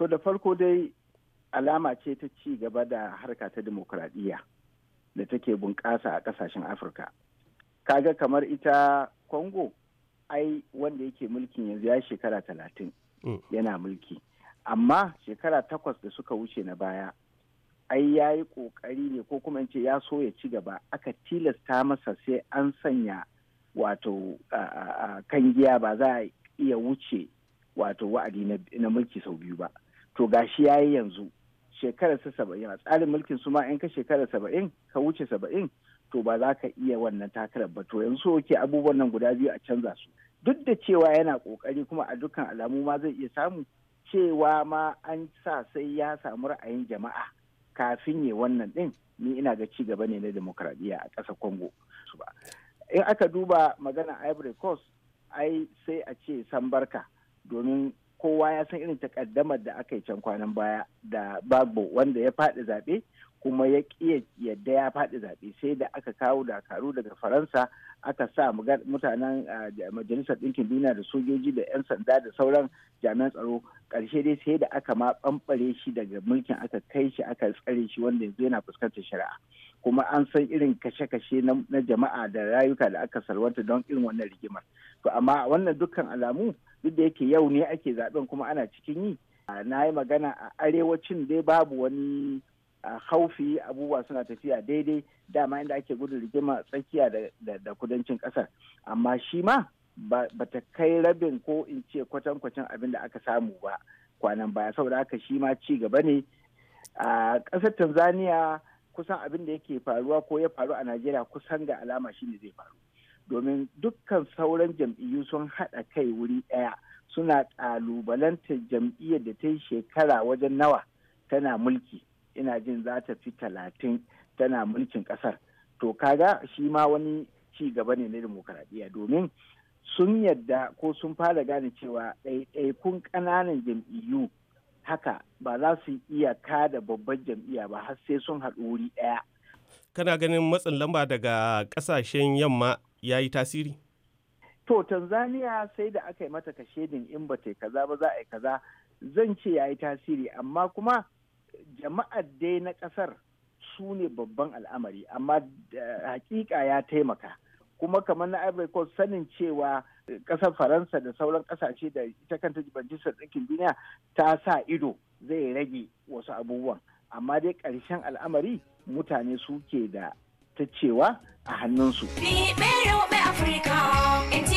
to da farko dai alama ce ta ci gaba da harka ta demokradiyya da take bunƙasa a ƙasashen afirka kaga kamar ita congo ai wanda yake mulkin yanzu ya shekara talatin mm. yana mulki amma shekara takwas da suka wuce na baya ai ya yi ƙoƙari ne ko kuma ce ya so ya ci gaba aka tilasta masa sai an sanya wato kangiya ba za a iya wuce wato wa'adi na mulki sau biyu ba to gashi yayi yi yanzu shekararsa saba'in a tsarin mulkin su ma in ka shekarar saba'in ka wuce saba'in to ba za ka iya wannan takarar ba to yanzu ke abubuwan nan guda biyu a canza su duk da cewa yana kokari kuma a dukkan alamu ma zai iya samu cewa ma an sa sai ya samu ra'ayin jama'a kafin ya wannan din ni ina ga ci gaba ne na demokradiyya a ƙasar congo in aka duba magana ivory coast ai sai a ce san barka domin kowa ya san irin takaddamar da aka yi can kwanan baya da babu wanda ya faɗi zaɓe kuma ya ƙi yadda ya faɗi zaɓe sai da aka kawo dakaru daga faransa aka sa mutanen majalisar ɗinkin duniya da sojoji da 'yan sanda da sauran jami'an tsaro ƙarshe dai sai da aka ma ɓamɓare shi daga mulkin aka kai shi aka tsare shi wanda yanzu yana fuskantar shari'a kuma an san irin kashe-kashe na jama'a da rayuka da aka salwanta don irin wannan rigimar to amma wannan dukkan alamu duk da yake yau ne ake zaben kuma ana cikin yi na yi magana a arewacin dai babu wani haufi abubuwa suna tafiya daidai dama inda ake gudun rigima tsakiya da kudancin kasar amma shi ma ba ta kai rabin ko in ce kwatankwacin abin da aka samu ba kwanan baya saboda haka shi ma ci gaba ne a ƙasar tanzania kusan abin da yake faruwa ko ya faru a najeriya kusan ga alama shi shine zai faru domin dukkan sauran jam'iyyu sun haɗa kai wuri ɗaya suna ƙalubalantar jam'iyyar da ta yi shekara wajen nawa tana mulki ina jin za ta fi talatin tana mulkin ƙasar to kaga shi ma wani ci gaba ne na demokaradiyya domin sun yadda ko sun fara gane cewa ɗaiɗaikun ƙananan jam'iyyu haka ba za su iya kada babban jam'iyya ba har sai sun haɗu wuri ɗaya. Kana ganin matsin lamba daga ƙasashen yamma ya yi tasiri? To, Tanzania sai da aka yi mata kashedin in ba ta kaza ba za a yi kaza zan ce ya yi tasiri amma kuma jama'ar dai na ƙasar su ne babban al'amari amma eh, hakika ya taimaka. kuma kamar na ivory coast sanin cewa kasar eh, faransa da sauran kasashe da ita kanta majalisar ɗinkin duniya ta sa ido zai rage wasu abubuwan amma dai ƙarshen al'amari mutane suke da ta cewa a hannunsu. Afirka,